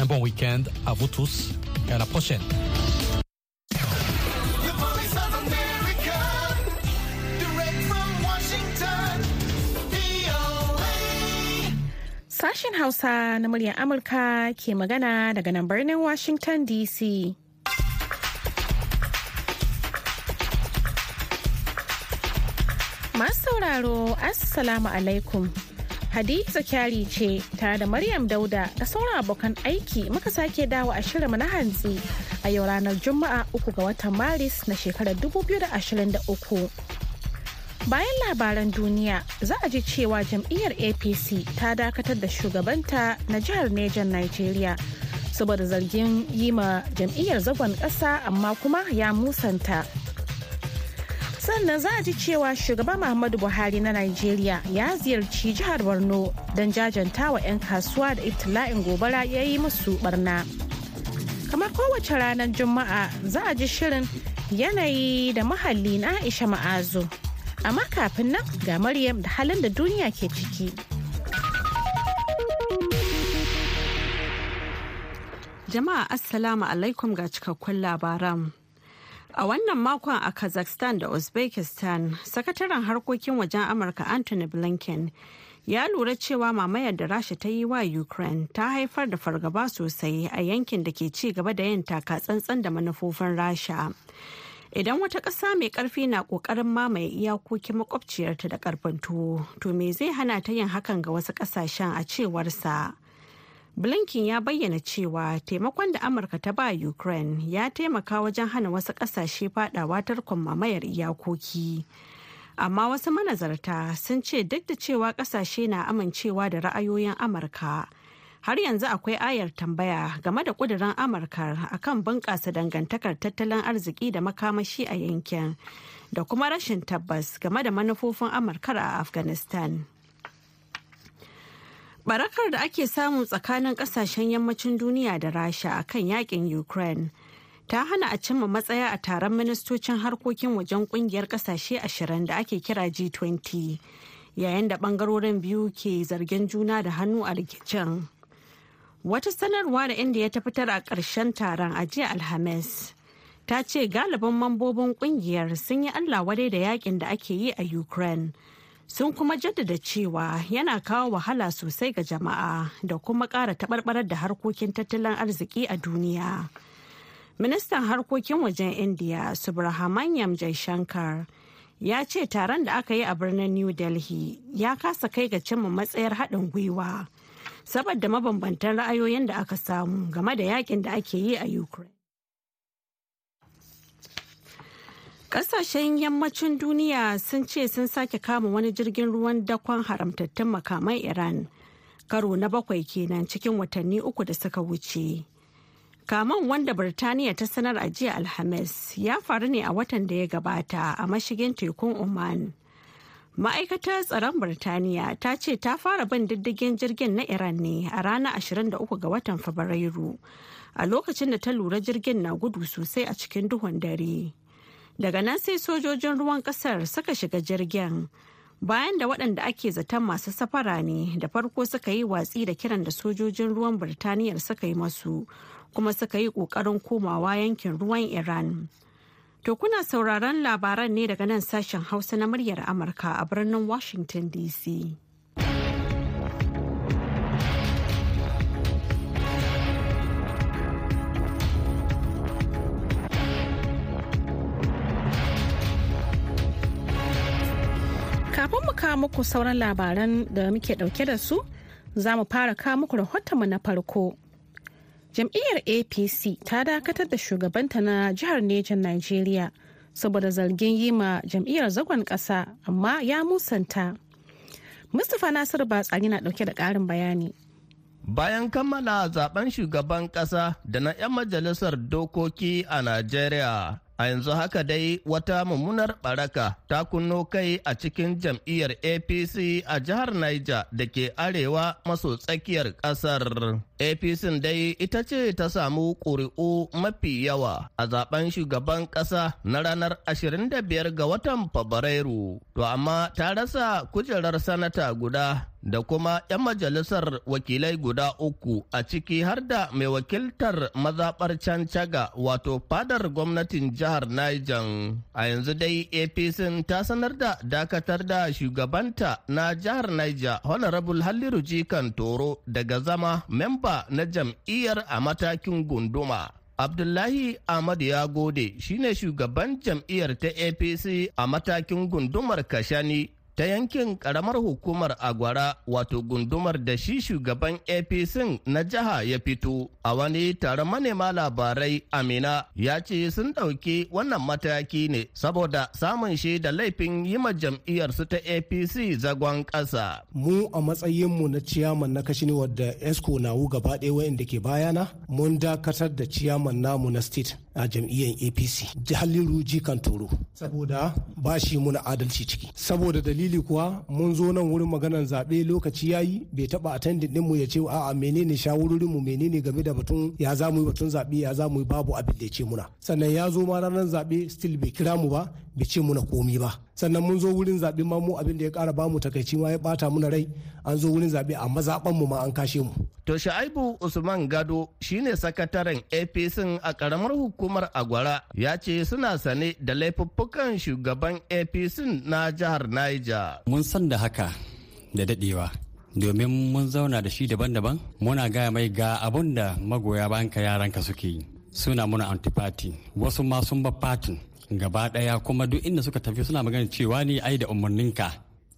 Un bon week-end à vous tous et à la prochaine. Sashen Hausa na muryar Amurka ke magana daga nan birnin Washington DC. Masu sauraro, Assalamu alaikum. Hadiza Kyari ce tare da Maryam Dauda da sauran abokan aiki muka sake dawo a shirinmu na hantsi a yau ranar Juma'a uku ga watan Maris na shekarar 2023. Bayan labaran duniya za a ji cewa jam'iyyar APC ta dakatar da shugabanta na jihar Nejan Nigeria saboda zargin yi ma jam'iyyar zagon ƙasa amma kuma ya musanta. sannan za a ji cewa shugaba muhammadu buhari na nigeria ya ziyarci jihar borno don jajanta wa 'yan kasuwa da ibtila'in gobara ya yi musu barna kamar kowace ranar juma'a za a ji shirin yanayi da mahalli na aisha ma'azu amma kafin nan ga maryam da halin da duniya ke ciki jama'a assalamu alaikum ga cikakkun labaran A wannan makon a Kazakhstan da Uzbekistan, sakataren harkokin wajen Amurka Anthony Blinken ya lura cewa mamayar da Rasha ta yi wa Ukraine ta haifar da fargaba sosai a yankin da ke ci gaba da yin taka tsantsan da manufofin Rasha. Idan wata ƙasa mai ƙarfi na ƙoƙarin mamaye iyakokin makwabciyarta da ƙarfin tuwo, to me zai hana ta yin hakan ga wasu ƙasashen a cewarsa. blinken ya bayyana cewa taimakon da amurka ta ba ukraine ya taimaka wajen hana wasu kasashe fadawa tarkon mamayar iyakoki amma wasu manazarta sun ce duk da cewa kasashe na amincewa da ra'ayoyin amurka har yanzu akwai ayar tambaya game da kudirin amurka akan bunƙasa dangantakar tattalin arziki da makamashi a yankin da kuma rashin tabbas game da manufofin amurkar a afghanistan barakar da ake samu tsakanin kasashen yammacin duniya da rasha a kan yakin ukraine ta hana a cimma matsaya a taron ministocin harkokin wajen kungiyar kasashe ashirin da ake kira g20 yayin da bangarorin biyu ke zargin juna da hannu a rikicin wata sanarwa da inda ta fitar a ƙarshen taron a jiya alhamis ta ce galibin mambobin kungiyar sun yi allah wadai da yakin da ake yi a ukraine sun kuma jaddada cewa yana kawo wahala sosai ga jama'a da kuma ƙara taɓarɓarar da harkokin tattalin arziki a duniya. Ministan harkokin wajen India Subrahmanyam Jaishankar ya ce taron da aka yi a birnin New Delhi ya kasa kai ga cimma matsayar haɗin gwiwa saboda mabambantan ra'ayoyin da aka samu game da yakin da ake yi a Ukraine. Ƙasashen yammacin duniya sun ce sun sake kama wani jirgin ruwan dakon haramtattun makaman Iran. Karo na bakwai kenan cikin watanni uku da suka wuce. Kaman wanda Birtaniya ta sanar a jiya Alhamis ya faru ne a watan da ya gabata a mashigin tekun Oman. Ma'aikatar tsaron Birtaniya ta ce ta fara bin diddigin jirgin na Iran ne a ranar 23 ga watan Fabrairu, a lokacin da ta lura jirgin na gudu sosai a cikin duhun dare. daga nan sai sojojin ruwan kasar suka shiga jirgin bayan da waɗanda ake zaton masu safara ne da farko suka yi watsi da kiran da sojojin ruwan birtaniyar suka yi masu kuma suka yi ƙoƙarin komawa yankin ruwan iran to kuna sauraron labaran ne daga nan sashen hausa na muryar amurka a birnin washington dc kawo muku sauran labaran da muke dauke da su za mu fara kawo muku mu na farko. Jam'iyyar APC ta dakatar da shugabanta na jihar Nejan Najeriya saboda zargin yi ma jam'iyyar zagon Kasa, amma ya musanta. Mustapha Nasiru Batsari na dauke da ƙarin bayani. Bayan kammala zaben shugaban ƙasa da na 'yan majalisar dokoki a Najeriya, a yanzu haka dai wata mummunar baraka ta kunno kai a cikin jam'iyyar apc a jihar niger da ke arewa maso tsakiyar ƙasar. apc dai ita ce ta samu ƙuri'u mafi yawa a zaben shugaban ƙasa na ranar 25 ga watan fabrairu to amma ta rasa kujerar sanata guda da kuma 'yan majalisar wakilai guda uku a ciki har da mai wakiltar mazaɓar cancaga wato fadar gwamnatin jihar Niger. A yanzu dai APC ta sanar da dakatar da shugabanta na jihar Niger Honorable Halliru Jikan Toro daga zama memba na jam'iyyar a matakin gunduma. Abdullahi Ahmad ya gode shine shugaban jam'iyyar ta APC a matakin gundumar Kashani ta yankin karamar hukumar agwara wato gundumar da shi shugaban apc na jiha ya fito a wani taron manema labarai amina ya ce sun ɗauki wannan mataki ne saboda samun shi da laifin yi ma jam'iyyarsu ta apc zagon ƙasa mu a matsayinmu na ciyaman na kashi wadda esco wu gaba ɗaya wa'inda ke bayana mun dakatar da ciyaman namu na state a jam'iyyar apc haliru jikan toro saboda ba shi muna adalci ciki saboda dalili kuwa mun zo nan wurin maganar zaɓe lokaci ya yi bai taɓa attendant mu ya ce a'a menene shawarorinmu menene game da batun ya za mu yi batun zaɓe ya za mu yi babu abin da ya ce muna sannan ya zo ma ranar zaɓe still bai kira mu ba bai ce muna komi ba sannan mun zo wurin zaɓe ma mu abin da ya ƙara mu takaici ma ya ɓata muna rai an zo wurin zaɓe a mazaɓan mu ma an kashe mu. To Sha'aibu Usman Gado shine sakataren APC a ƙaramar hukumar Umar Agwara ya ce suna sane da laifuffukan shugaban APC na jihar Niger. Mun san da haka da dadewa. domin mun zauna da shi daban-daban muna gaya mai ga abun da magoya yaran yaranka suke yi suna muna antipati wasu ma sun ba fatin gaba daya kuma duk inda suka tafi suna magana cewa ne ai da umarninka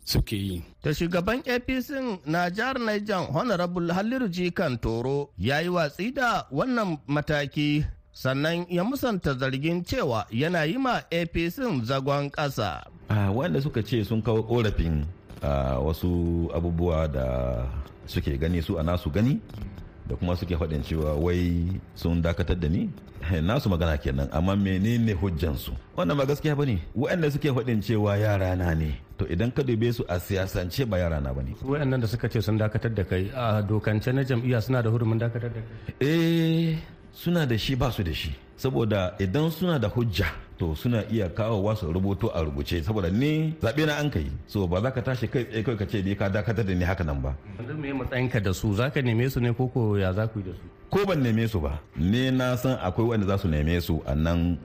suke yi. Da shugaban APC na jihar Niger Honorable Halliru Jikan Toro ya yi watsi da wannan mataki sannan ya musanta zargin cewa yana yi ma apc zagon ƙasa. wanda suka ce sun kawo korafin wasu abubuwa da suke gani su a nasu gani da kuma suke faɗin cewa wai sun dakatar da ni nasu magana kenan amma menene hujjansu wannan ba gaskiya bane waɗanda suke faɗin cewa yara na ne to idan ka dube su a siyasance ba yara na bane waɗannan da suka ce sun dakatar da kai a dokance na jam'iyya suna da hurumin dakatar da kai eh suna da shi ba su da shi saboda idan suna da hujja to suna iya kawo wasu rubutu a rubuce saboda ni zaɓe na an kai so ba za ka tashi kai tsaye kai ka ce ka dakatar da ni haka nan ba. Yanzu me matsayinka da su za ka neme su ne ko ko ya za ku yi da su? Ko ban neme su ba ni na san akwai wanda za su neme su a nan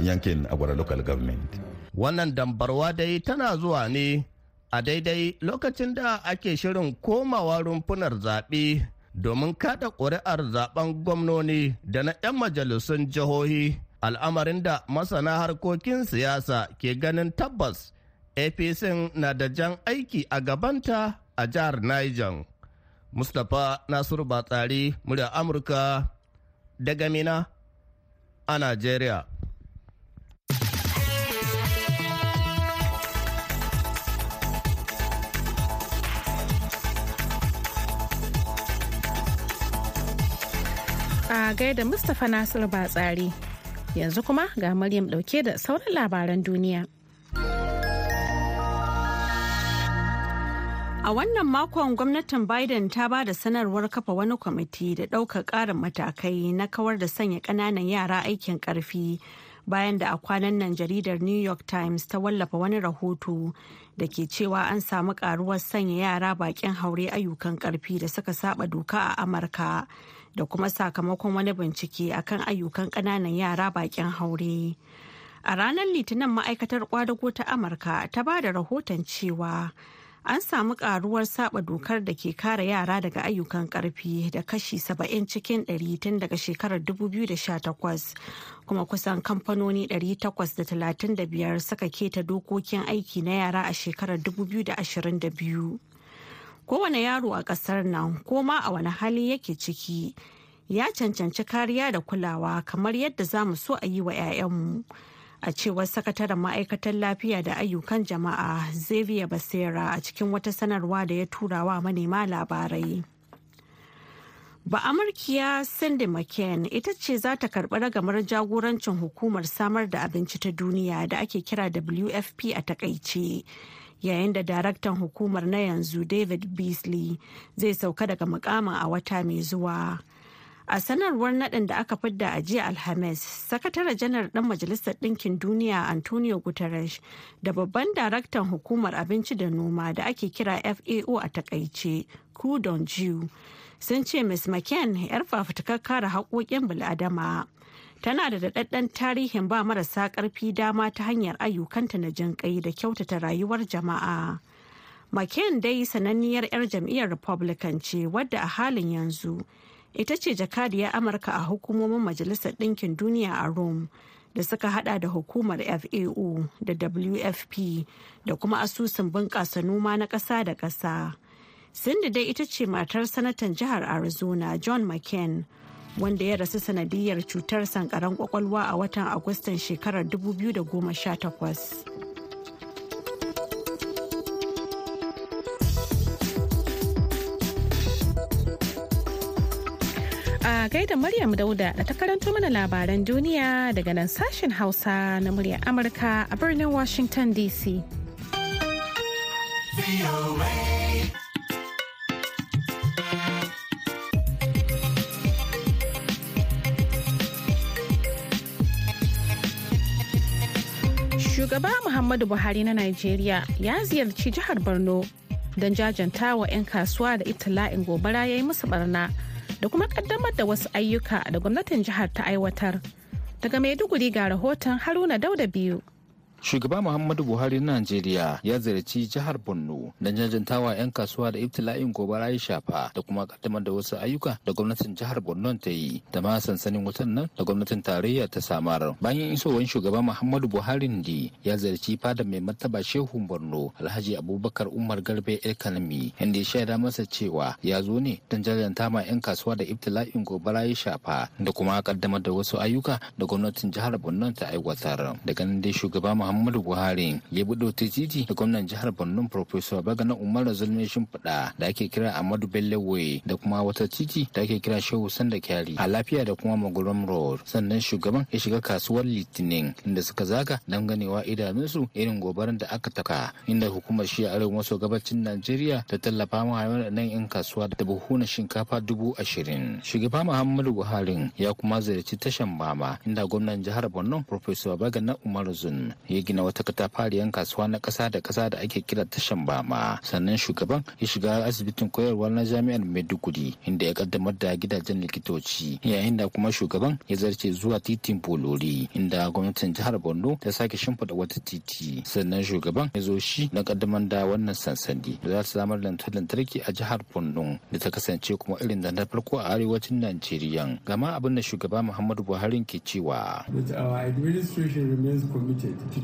yankin agwara local government. Wannan dambarwa dai tana zuwa ne a daidai lokacin da ake shirin komawa rumfunar zaɓe domin kada ƙuri'ar zaben gwamnoni da na 'yan majalisun jihohi al'amarin da masana harkokin siyasa ke ganin tabbas apc na da jan aiki a gabanta a jihar niger mustapha nasiru batsari murya amurka daga mina a nigeria A gaida Mustapha Nasir Batsari. Yanzu kuma ga Maryam dauke da sauran labaran duniya. A wannan makon gwamnatin Biden ta ba da sanarwar kafa wani kwamiti da ɗaukar ƙarin matakai na kawar da sanya ƙananan yara aikin ƙarfi bayan da a kwanan nan jaridar New York Times ta wallafa wani rahoto da ke cewa an samu ƙaruwar sanya yara baƙin haure ayyukan ƙarfi da suka saba doka a Amurka. da kuma sakamakon wani bincike akan ayyukan ƙananan yara bakin haure. A ranar Litinin ma'aikatar kwadago ta Amurka ta ba da rahoton cewa an samu karuwar saba dokar da ke kare yara daga ayyukan karfi da kashi saba'in cikin 100 tun daga shekarar 2018 kuma kusan kamfanoni 835 suka keta dokokin aiki na yara a shekarar 2022. kowane yaro a ƙasar nan ko ma a wani hali yake ciki ya cancanci kariya da kulawa kamar yadda za mu so a yi wa 'ya'yanmu a cewar sakataren ma'aikatar lafiya da ayyukan jama'a xavier basera a cikin wata sanarwa da ya tura wa manema labarai ba amurkiya cindy mccain ita ce za ta karbi ragamar jagorancin hukumar samar da abinci ta duniya da ake kira wfp a takaice yayin da daraktan hukumar na yanzu david beasley zai sauka daga mukamin a wata mai zuwa a sanarwar naɗin da aka fidda a jiya alhamis sakatare janar ɗan majalisar ɗinkin duniya antonio guterres da babban daraktan hukumar abinci da noma da ake kira fao a takaice kudon jiu sun ce ms mccain 'yar fafutukar kare haƙoƙin bil'adama tana da daɗaɗɗen tarihin ba marasa ƙarfi dama ta hanyar ayyukanta na jinƙai da kyautata rayuwar jama'a. McCain dai sananniyar 'yar jam'iyyar Republican ce wadda a halin yanzu ita ce jakadiyar Amurka a hukumomin Majalisar Ɗinkin Duniya a Rome da suka hada da hukumar FAO da WFP da kuma asusun bunƙasa noma na ƙasa da ƙasa. Cindy dai ita ce matar sanatan jihar Arizona John McCain. wanda ya rasu sanadiyar cutar sankaran kwakwalwa a watan agustan shekarar 2018 a gaida Maryam Dauda da ta karanto mana labaran duniya daga nan sashen Hausa na murya Amurka a birnin Washington DC. Shugaba Muhammadu Buhari na nigeria ya ziyarci jihar Borno don jajantawa 'yan kasuwa da itila'in gobara ya yi musu barna da kuma kaddamar da wasu ayyuka da gwamnatin jihar ta aiwatar. Daga Maiduguri ga rahoton Haruna Dauda biyu. Shugaba Muhammadu Buhari na Najeriya ya ziyarci jihar Borno don jajantawa 'yan kasuwa da ibtila'in gobara ya shafa da kuma kaddamar da wasu ayyuka da gwamnatin jihar Borno ta yi da ma sansanin wutan nan da gwamnatin tarayya ta samar. Bayan isowar shugaba Muhammadu Buhari ne ya ziyarci fada mai martaba Shehu Borno Alhaji Abubakar Umar Garbe El Kalmi inda ya shaida masa cewa ya zo ne don jajanta ma 'yan kasuwa da ibtila'in gobara ya shafa da kuma kaddamar da wasu ayyuka da gwamnatin jihar Borno ta aiwatar. Daga nan dai shugaba muhammadu buhari ya buɗe ta titi da gwamnan jihar borno professor bagana umar zulmi shimfiɗa da ake kira amadu bellewe da kuma wata titi da ake kira shehu sanda kyari a lafiya da kuma Magurum road sannan shugaban ya shiga kasuwar litinin inda suka zaka don ganewa idanunsu irin gobarar da aka taka inda hukumar shi arewa maso gabacin najeriya ta tallafa ma nan 'yan kasuwa da buhunan shinkafa dubu ashirin shugaba muhammadu buhari ya kuma ziyarci tashan mama inda gwamnan jihar borno professor bagana umar zun ya gina wata katafariyar kasuwa na kasa da kasa da ake kira tashan bama sannan shugaban ya shiga asibitin koyarwa na jami'ar maiduguri inda ya kaddamar da gidajen likitoci yayin da kuma shugaban ya zarce zuwa titin bolori inda gwamnatin jihar borno ta sake shimfiɗa wata titi sannan shugaban ya zo shi na kaddamar da wannan sansani da za su samar da lantarki a jihar borno da ta kasance kuma irin da na farko a arewacin najeriya gama abin da shugaba muhammadu buhari ke cewa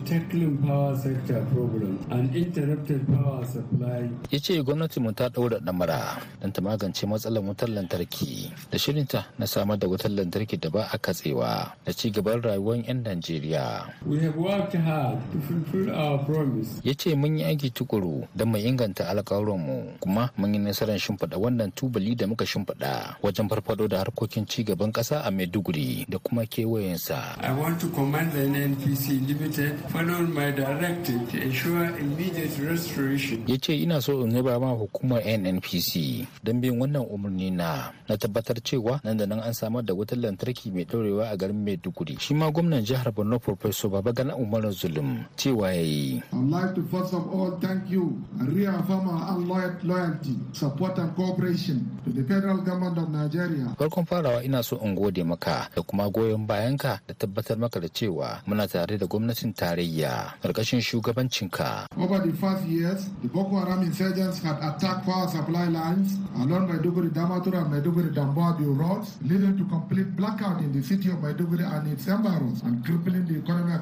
tackling power sector problem and interrupted power supply. Ya ce mu ta ɗaura ɗamara don ta magance matsalar wutar lantarki da shirinta na samar da wutar lantarki da ba a katsewa da ci gaban rayuwar 'yan Najeriya. We have worked hard to fulfill our promise. Ya ce mun yi aiki tukuru don mu inganta alƙawuranmu kuma mun yi nasarar shimfiɗa wannan tubali da muka shimfiɗa wajen farfado da harkokin ci gaban ƙasa a Maiduguri da kuma kewayensa. I want to commend the NNPC Limited followed my directive to ensure immediate restoration. Ya ce ina so in yaba ma hukumar NNPC don bin wannan umarni na na tabbatar cewa nan da nan an samar da wutar lantarki mai ɗorewa a garin Maiduguri. Shi ma gwamnan jihar Borno Professor gana Umar Zulum cewa ya yi. I'd like to first of all thank you and reaffirm our unloyed loyalty, support and cooperation to the federal government of Nigeria. Farkon farawa ina so in gode maka da kuma goyon bayanka da tabbatar maka da cewa muna tare da gwamnatin tare tarayya shugabancinka. Over the first years, the Boko Haram insurgents had attacked power supply lines along Maiduguri Damaturu and Maiduguri Damboadio roads, leading to complete blackout in the city of Maiduguri and its environs and crippling the economy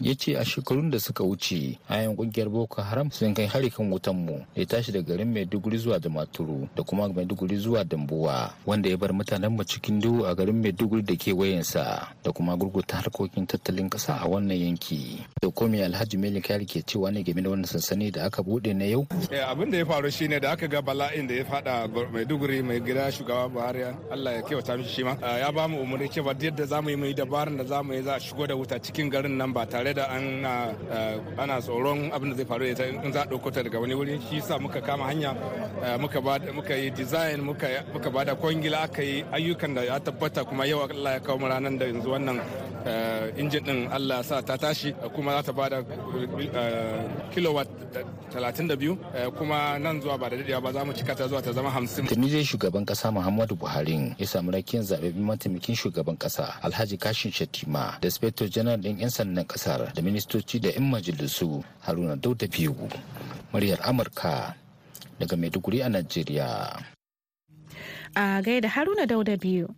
Ya ce a shekarun da suka wuce, ayan kungiyar Boko Haram sun kai hari kan wutan mu ya tashi da garin Maiduguri zuwa Damaturu da kuma Maiduguri zuwa Dambuwa wanda ya bar mutanen mu cikin duhu a garin Maiduguri da kewayensa da kuma gurguta harkokin tattalin kasa a wannan yanki. Da komai Alhaji Melikari ke cewa ne game da wannan sansani da aka bude na yau. Eh, abin da ya faru shine da aka ga bala'in da ya fada Maiduguri mai gida shugaba Buhari Allah ya kyauta mishi shi ma ah, ya ba mu umarni cewa yadda za mu yi mai dabarun da za mu yi za a shigo da wuta ta cikin garin nan ba tare da ana tsoron abin da zai faru da ita in za a ɗauko ta daga wani wuri shi sa muka kama hanya muka yi design muka ba da kwangila aka yi ayyukan da ya tabbata kuma yau Allah ya kawo mu ranar da yanzu wannan Eh, injin din Allah sa ta tashi eh, kuma za ta bada eh, kilowatt 32 kuma nan zuwa ba da dadewa ba za mu cika ta zuwa ta zama 50. Tuni dai shugaban kasa Muhammadu Buhari ya samu rakiyar zababbin mataimakin shugaban kasa Alhaji Kashin Shatima da Inspector General din 'yan sandan kasar da ministoci da 'yan majalisu Haruna Dauda Biyu. Muryar Amurka daga Maiduguri a Najeriya. A gaida Haruna Dauda Biyu.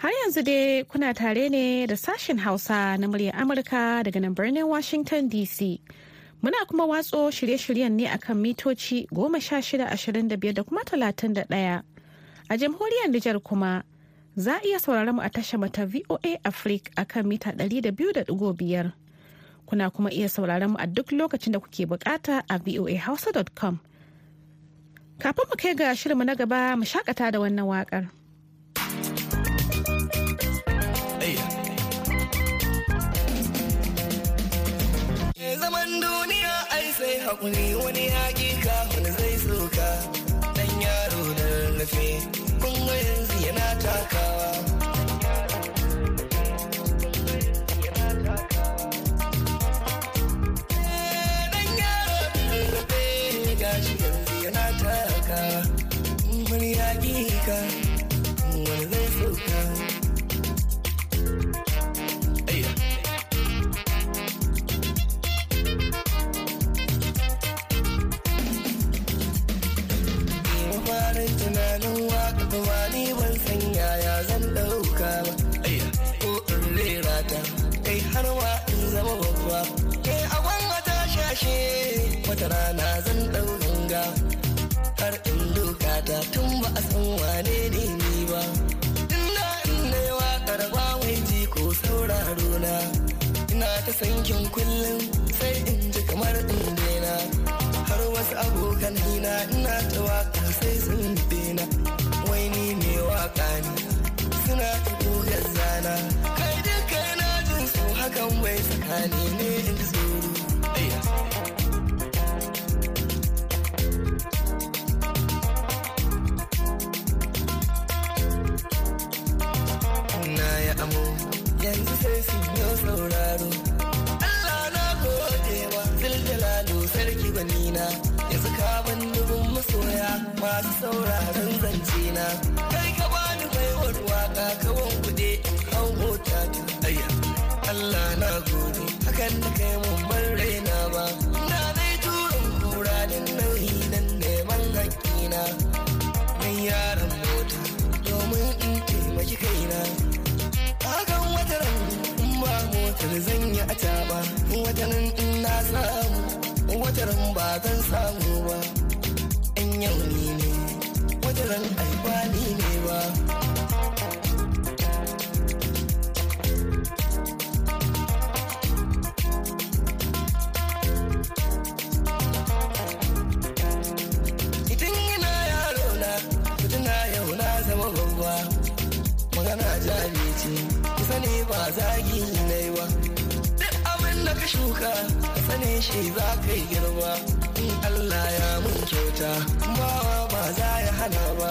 Har yanzu dai kuna tare ne da sashen Hausa na muryar Amurka daga nan birnin Washington DC. Muna kuma watso shirye-shiryen ne akan mitoci goma sha shida ashirin da kuma talatin A jamhuriyar Nijar kuma za a iya sauraron mu a tashar mata VOA Africa akan mita ɗari da biyu da biyar. Kuna kuma iya sauraron mu a duk lokacin da kuke bukata a voahausa.com. Kafin mu kai ga mu na gaba mu shakata da wannan waƙar. haƙuri wani hakika wani zai ina ta waka sai sun dena wai ni ne waka ne suna ta gogar zana kai duka na jin su hakan wai tsakani ne in sauraron zance na kai ka bani baiwar waka ka wangude an hota ta aya Allah na gode hakan da kai mun bar raina ba na dai turin kura din nauyi nan neman hakkina mai yaran mota domin in taimaki kaina hakan wataran in ba motar zan yi a taɓa watanin in na samu wataran ba zan samu ba yau ne auren aibani ne ba Itin ina yaro na mutuna yau na zama babba magana jari ce kusa ne ba zagi na yi ba duk abin da ka shuka ka sane shi za ka yi girma in Allah ya mun kyauta ba za ya hana ba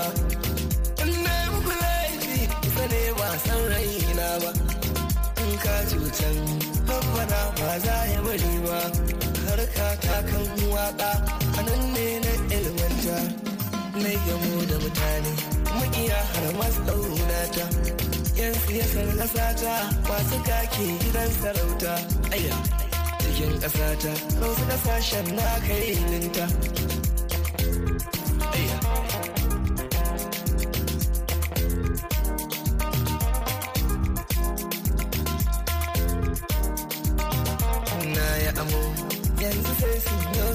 in na yi muku laifi kusa ne ba san raina ba in ka cutan babbana ba za ya bari ba har ka takan waka a nan ne na ilmanta na gamo da mutane muiya har masu ɗaunata yan siyasar ƙasata masu kake gidan sarauta aya cikin ƙasata wasu ƙasashen na kai ninta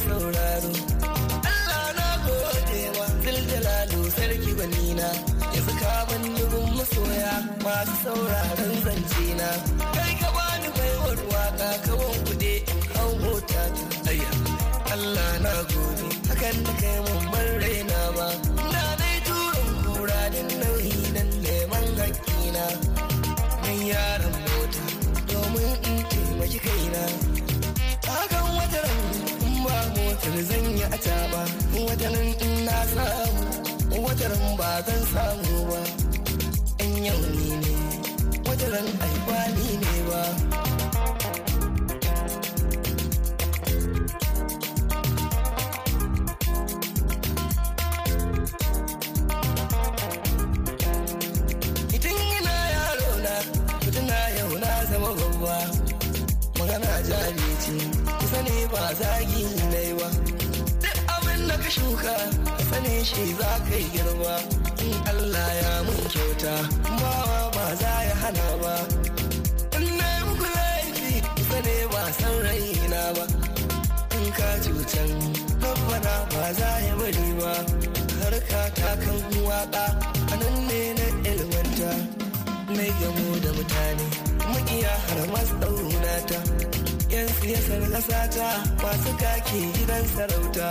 sauraro Allah na gode wa ziljalalu sarki banina yanzu ka ban nubin masoya masu sauraron zance na kai ka bani baiwar waka kawan kuɗe in hau mota ta Allah na gode hakan da kai mun bar raina ba na dai turin kura da nauyi nan neman hakkina mai yaran mota domin in taimaki kaina hakan wata rauni mitar zan yi a caɓa watanin in na samu wataran ba zan samu ba in yau ni ne wataran alfani ne ba zama magana jari ce kusa ne ba zagi ne shuka sane shi za ka yi girma in Allah ya mun kyauta bawa ba za ya hana ba in na yi muku laifi sane ba san raina ba in ka cutar babbana ba za ya bari ba harka ta kan waka a nan ne na ilmanta mai gamo da mutane makiya har masu ta 'yan siyasar ƙasa ta masu kake gidan sarauta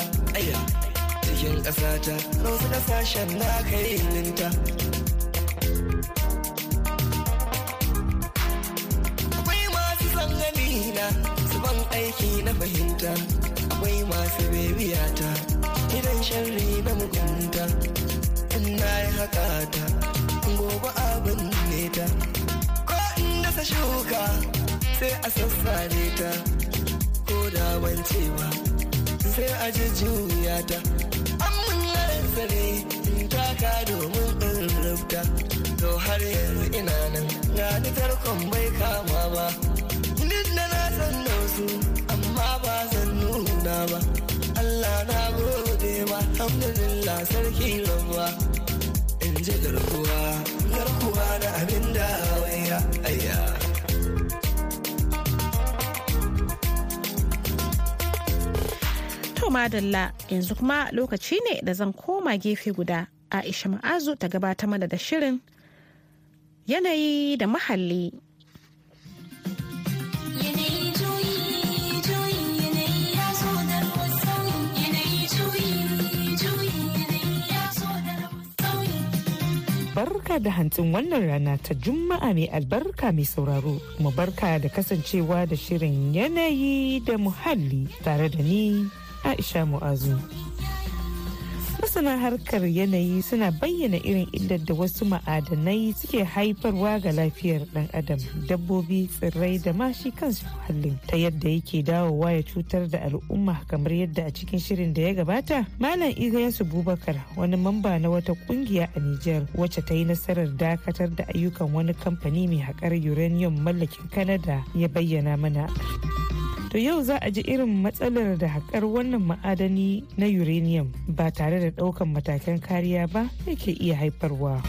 cikin ƙasata rozu ƙasashen da aka yi ninta akwai masu zangani na su ban aiki na fahimta akwai masu bebiyata idan sharri na mugunta in na yi haka ta gobe abin ne ko in dasa shuka sai a sassare ta ko da ban sai a jujjuya sani in taka domin in rubuta to har yanzu ina nan na ni tarkon bai kama ba duk da na san da amma ba zan nuna ba Allah na gode ma alhamdulillah sarki rabuwa in ji garkuwa garkuwa da abin da waya ayya madalla yanzu kuma lokaci ne da zan koma gefe guda Aisha Ma'azu ta gabata mana da shirin yanayi da mahalli. barka da hantsin wannan rana ta juma'a mai albarka mai sauraro mu barka da kasancewa da shirin yanayi da muhalli tare da ni Aisha Mu'azu. Masana harkar yanayi suna bayyana irin illar da wasu ma'adanai suke haifarwa ga lafiyar ɗan adam dabbobi tsirrai da mashi kansu halin ta yadda yake dawowa ya cutar da al'umma kamar yadda a cikin shirin da ya gabata malam ilyasu bubakar wani mamba na wata kungiya a nijar wacce ta yi nasarar dakatar da ayyukan wani kamfani mai haƙar uranium mallakin kanada ya bayyana mana. To yau za a ji irin matsalar da haƙar wannan ma'adani na uranium ba tare da ɗaukan matakan kariya ba yake iya haifarwa.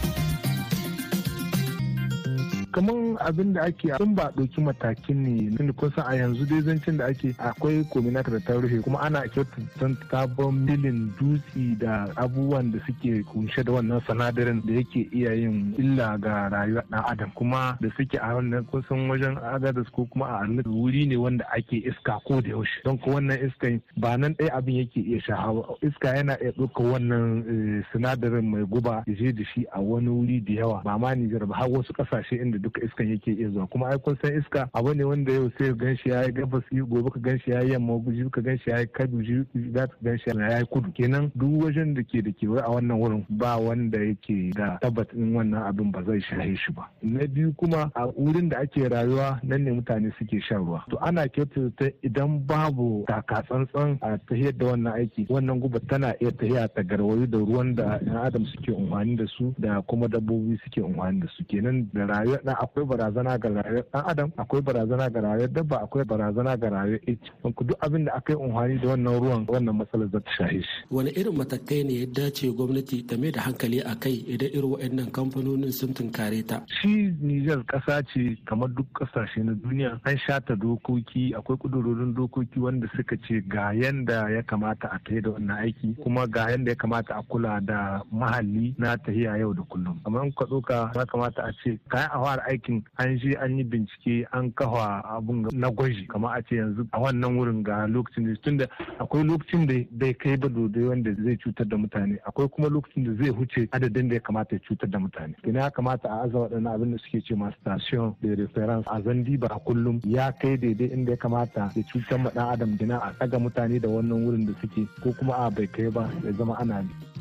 kaman abin da ake sun ba ɗauki matakin ne tun kusa a yanzu dai zancen da ake akwai kominata da ta rufe kuma ana ta sabon milin dutsi da abubuwan da suke kunshe da wannan sanadarin da yake iya yin illa ga rayuwa ɗan adam kuma da suke a wannan kusan wajen agadas ko kuma a arnit wuri ne wanda ake iska ko da yaushe don ko wannan iska ba nan ɗaya abin yake iya shahawa iska yana iya ɗauka wannan eh, sinadarin mai guba ya je da shi a wani wuri da yawa ba ma Nijar ba har wasu ƙasashe inda duka iskan yake iya zuwa kuma ai kun san iska abu ne wanda yau sai gan shi yayi gabas gobe ka gan shi yayi yamma guji ka gan shi yayi kadu ji za ka gan shi yayi kudu kenan duk wajen da ke da kewaye a wannan wurin ba wanda yake da tabbatin wannan abin ba zai shahe shi ba na biyu kuma a wurin da ake rayuwa nan ne mutane suke shan ruwa to ana kyautata idan babu taka tsantsan a tahiyar da wannan aiki wannan guba tana iya tahiya ta garwayu da ruwan da yan adam suke umarni da su da kuma dabbobi suke umarni da su kenan da rayuwa akwai barazana ga rayuwar dan adam akwai barazana ga rayuwar dabba akwai barazana ga rayuwar ice ku duk abin da aka yi da wannan ruwan wannan matsalar za ta shahe shi wani irin matakai ne ya dace gwamnati ta mai da hankali a kai idan irin waɗannan kamfanonin sun tunkare ta shi Nijar kasa ce kamar duk ƙasashe na duniya an shata dokoki akwai kudurorin dokoki wanda suka ce ga yanda ya kamata a tafi da wannan aiki kuma ga yanda ya kamata a kula da mahalli na tahiya yau da kullum kamar ka ɗauka ya kamata a ce kayan a aikin an shi an yi bincike an kafa abun na gwaji kamar a ce yanzu a wannan wurin ga lokacin da tunda akwai lokacin da bai kai ba dodai wanda zai cutar da mutane akwai kuma lokacin da zai huce adadin da ya kamata ya cutar da mutane ina ya kamata a aza waɗannan abin da suke ce ma station de reference a zandibar a kullum ya kai daidai inda ya kamata ya cutar ma dan adam gina a ɗaga mutane da wannan wurin da suke ko kuma a bai kai ba ya zama ana bi.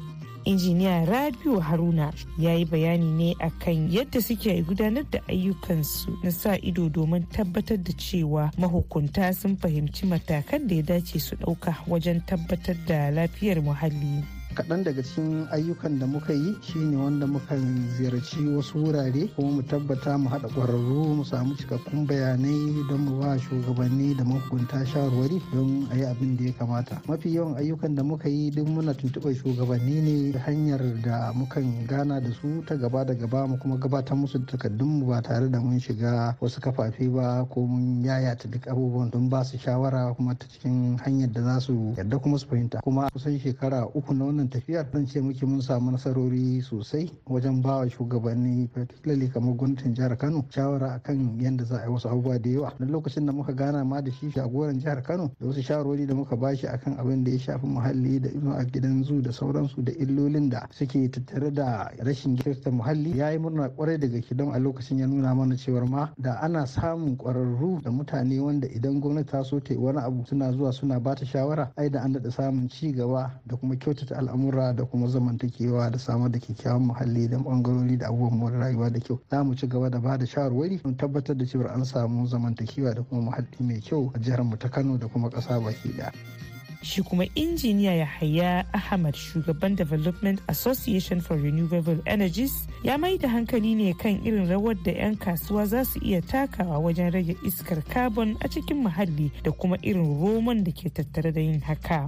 injiniya rabiu haruna ya yi bayani ne akan yadda suke gudanar da ayyukansu na sa ido domin tabbatar da cewa mahukunta sun fahimci matakan da ya dace su ɗauka wajen tabbatar da lafiyar muhalli kaɗan daga cikin ayyukan da muka yi shine wanda muka ziyarci wasu wurare kuma mu tabbata mu haɗa ƙwararru mu samu cikakkun bayanai don mu ba shugabanni da mahukunta shawarwari don a yi abin da ya kamata mafi yawan ayyukan da muka yi duk muna tuntuɓar shugabanni ne ta hanyar da mukan gana da su ta gaba da gaba mu kuma gabatar musu da mu ba tare da mun shiga wasu kafafe ba ko mun yayata duk abubuwan don ba su shawara kuma ta cikin hanyar da za su yarda kuma su fahimta kuma kusan shekara uku na wannan wannan tafiyar zan ce miki mun samu nasarori sosai wajen ba wa shugabanni particularly kamar gwamnatin jihar kano shawara akan yadda za a yi wasu abubuwa da yawa na lokacin da muka gana ma da shi jagoran jihar kano da wasu shawarori da muka bashi akan abin da ya shafi muhalli da ino a gidan zu da sauransu da illolin da suke tattare da rashin kyautata muhalli ya yi murna kwarai daga shi don a lokacin ya nuna mana cewar ma da ana samun kwararru da mutane wanda idan gwamnati ta so ta yi wani abu suna zuwa suna ba ta shawara ai da an daɗa samun ci gaba da kuma kyautata al'adu. al'amura da kuma zamantakewa da samar da kyakkyawan muhalli da bangarori da abubuwan more rayuwa da kyau za mu ci gaba da bada shawarwari mu tabbatar da cewa an samu zamantakewa da kuma muhalli mai kyau a jihar mu ta Kano da kuma ƙasa baki ɗaya. shi kuma injiniya haya ahmad shugaban development association for renewable energies ya mai da hankali ne kan irin rawar da 'yan kasuwa za su iya takawa wajen rage iskar carbon a cikin muhalli da kuma irin roman da ke tattare da yin haka.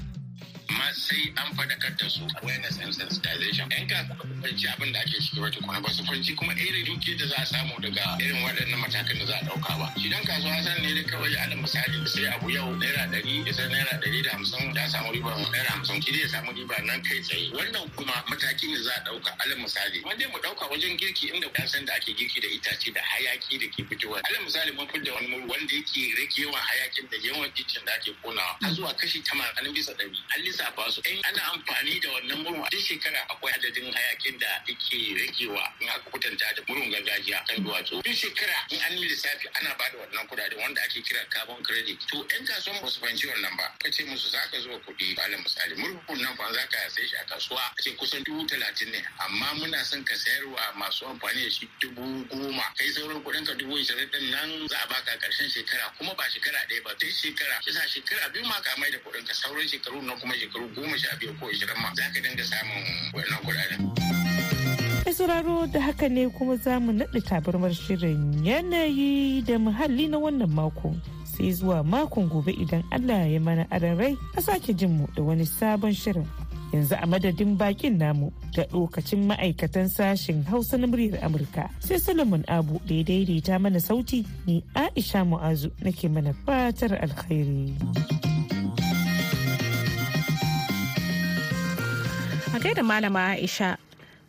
sai an fadakar da su awareness and sensitization yan ka fahimci abin da ake shiga wata kuma ba su fahimci kuma irin duki da za a samu daga irin waɗannan matakan da za a ɗauka ba idan kasuwa san ne da kawai alal misali sai abu yau naira ɗari isa naira ɗari da hamsin ya samu riba naira hamsin ki ya samu riba nan kai tsaye wannan kuma mataki ne za a ɗauka alal misali dai mu ɗauka wajen girki inda Ya san da ake girki da itace da hayaki da ke fitowa alal misali mun fitar da wani murhu wanda yake rage yawan hayakin da yawan kicin da ake konawa har zuwa kashi tamanin bisa ɗari an lissafa su in ana amfani da wannan murwa duk shekara akwai adadin hayakin da yake ragewa in aka kwatanta da murwan gargajiya kan duwatsu duk shekara in an yi lissafi ana ba da wannan kudaden wanda ake kira carbon credit to yan kasuwan ba su fahimci wannan ba ka ce musu za ka zuba kuɗi Ba alal misali murhun nan ba za ka sai shi a kasuwa a ce kusan dubu talatin ne amma muna son ka sayarwa masu amfani da shi dubu goma kai sauran kuɗin ka dubu ishirin din nan za a baka karshen shekara kuma ba shekara ɗaya ba duk shekara sa shekara biyu ma ka mai da kuɗin ka sauran shekaru na kuma shekaru goma sha biyar ko ishirin ma za dinga samun wannan kuɗaɗen. mai sauraro da haka ne kuma za mu naɗa tabarmar shirin yanayi da muhalli na wannan mako sai zuwa makon gobe idan allah ya mana aran rai a sake jin mu da wani sabon shirin yanzu a madadin bakin namu da lokacin ma'aikatan sashen hausa na muryar amurka sai solomon abu da ya daidaita mana sauti ni aisha mu'azu nake mana fatar alkhairi. A gaida Malama Aisha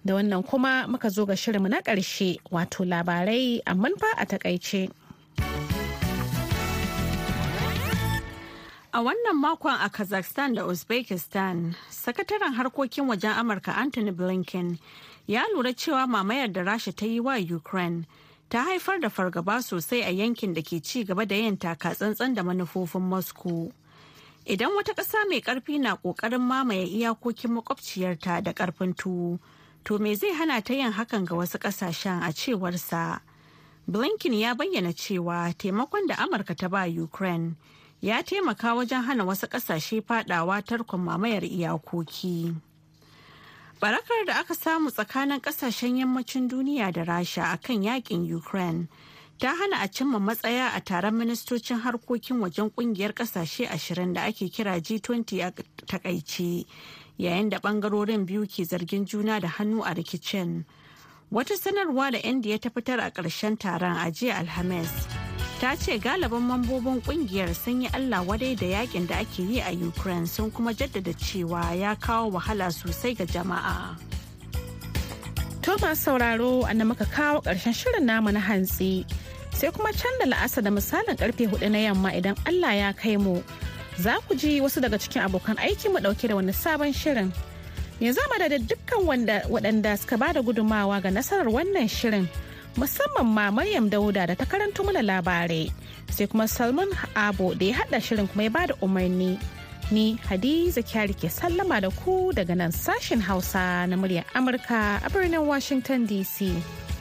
da wannan kuma muka zo ga shirinmu na ƙarshe wato labarai amma manfa a takaice. A wannan makon a Kazakhstan da Uzbekistan, sakataren harkokin wajen Amurka Anthony Blinken ya lura cewa mamayar da Rasha ta yi wa Ukraine ta haifar da fargaba sosai a yankin da ke ci gaba da yin takatsantsan da manufofin Moscow. Idan wata ƙasa mai ƙarfi na ƙoƙarin mamaye iyakokin makwabciyarta da ƙarfin tuwo, to me zai hana ta yin hakan ga wasu ƙasashen a cewarsa? Blinken ya bayyana cewa taimakon da Amurka ta ba Ukraine ya taimaka wajen hana wasu ƙasashe fadawa tarkon mamayar iyakoki. Barakar da aka samu tsakanin ƙasashen yammacin duniya da Rasha akan yakin Ukraine ta hana a cimma matsaya a taron ministocin harkokin wajen kungiyar kasashe 20 da ake kira G20 a takaice yayin da bangarorin biyu ke zargin juna da hannu a rikicin. Wata sanarwa da India ta fitar a ƙarshen taron a jiya Alhamis ta ce galibin mambobin kungiyar sun yi Allah wadai da yakin da ake yi a Ukraine sun kuma jaddada cewa ya kawo wahala sosai ga jama'a. Thomas sauraro na muka kawo ƙarshen shirin namu na hantsi. Sai kuma can da la'asa da misalin karfe hudu na yamma idan Allah ya kai mu. Za ku ji wasu daga cikin abokan aiki mu dauke da wani sabon shirin. Ya zama da dukkan waɗanda suka ba da gudumawa ga nasarar wannan shirin. Musamman ma Maryam Dauda da ta karanto mana labarai. Sai kuma Salman Abo da ya haɗa shirin kuma ya ba da umarni. Ni Hadiza Kyari ke sallama da ku daga nan sashen Hausa na muryar Amurka a birnin Washington DC.